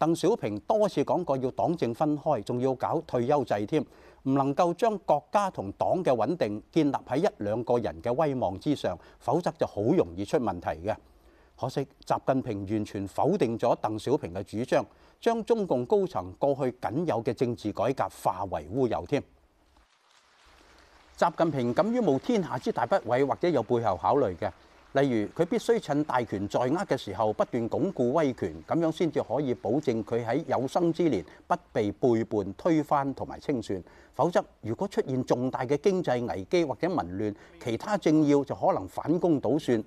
鄧小平多次講過要黨政分開，仲要搞退休制添，唔能夠將國家同黨嘅穩定建立喺一兩個人嘅威望之上，否則就好容易出問題嘅。可惜習近平完全否定咗鄧小平嘅主張，將中共高層過去僅有嘅政治改革化為烏有添。習近平敢於冒天下之大不韙，或者有背後考慮嘅。例如，佢必須趁大權在握嘅時候不斷鞏固威權，咁樣先至可以保證佢喺有生之年不被背叛、推翻同埋清算。否則，如果出現重大嘅經濟危機或者民亂，其他政要就可能反攻倒算。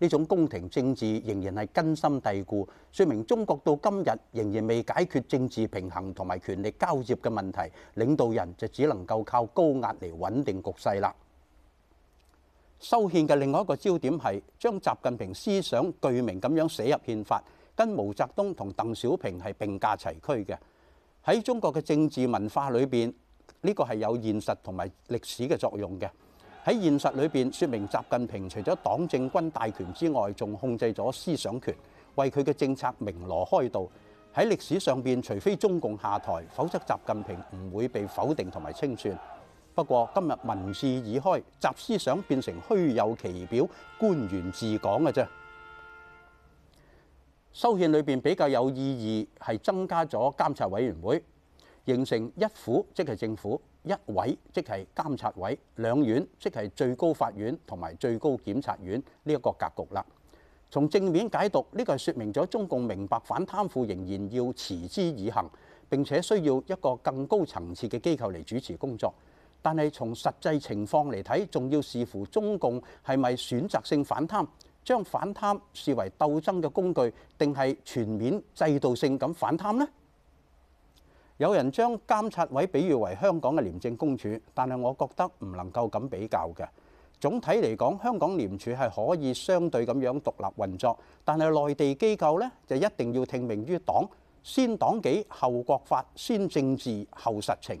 呢種宮廷政治仍然係根深蒂固，說明中國到今日仍然未解決政治平衡同埋權力交接嘅問題。領導人就只能夠靠高壓嚟穩定局勢啦。修憲嘅另外一個焦點係將習近平思想具名咁樣寫入憲法，跟毛澤東同鄧小平係並駕齊驅嘅。喺中國嘅政治文化裏面，呢個係有現實同埋歷史嘅作用嘅。喺現實裏邊，說明習近平除咗黨政軍大權之外，仲控制咗思想權，為佢嘅政策鳴鑼開道。喺歷史上面，除非中共下台，否則習近平唔會被否定同埋清算。不過今日文事已開，集思想變成虛有其表，官員自講嘅啫。修憲裏邊比較有意義係增加咗監察委員會，形成一府即係政府，一委即係監察委，兩院即係最高法院同埋最高檢察院呢一個格局啦。從正面解讀，呢、這個係説明咗中共明白反貪腐仍然要持之以恒，並且需要一個更高層次嘅機構嚟主持工作。但係從實際情況嚟睇，仲要視乎中共係咪選擇性反貪，將反貪視為鬥爭嘅工具，定係全面制度性咁反貪呢？有人將監察委比喻為香港嘅廉政公署，但係我覺得唔能夠咁比較嘅。總體嚟講，香港廉署係可以相對咁樣獨立運作，但係內地機構呢，就一定要聽命於黨，先黨紀後國法，先政治後實情。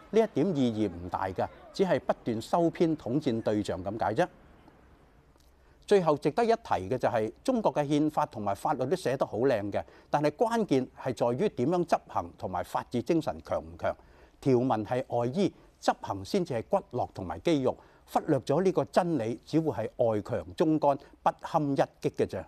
呢一點意義唔大㗎，只係不斷收編統戰對象咁解啫。最後值得一提嘅就係中國嘅憲法同埋法律都寫得好靚嘅，但係關鍵係在於點樣執行同埋法治精神強唔強。條文係外衣，執行先至係骨骼同埋肌肉。忽略咗呢個真理，只會係外強中乾，不堪一擊嘅啫。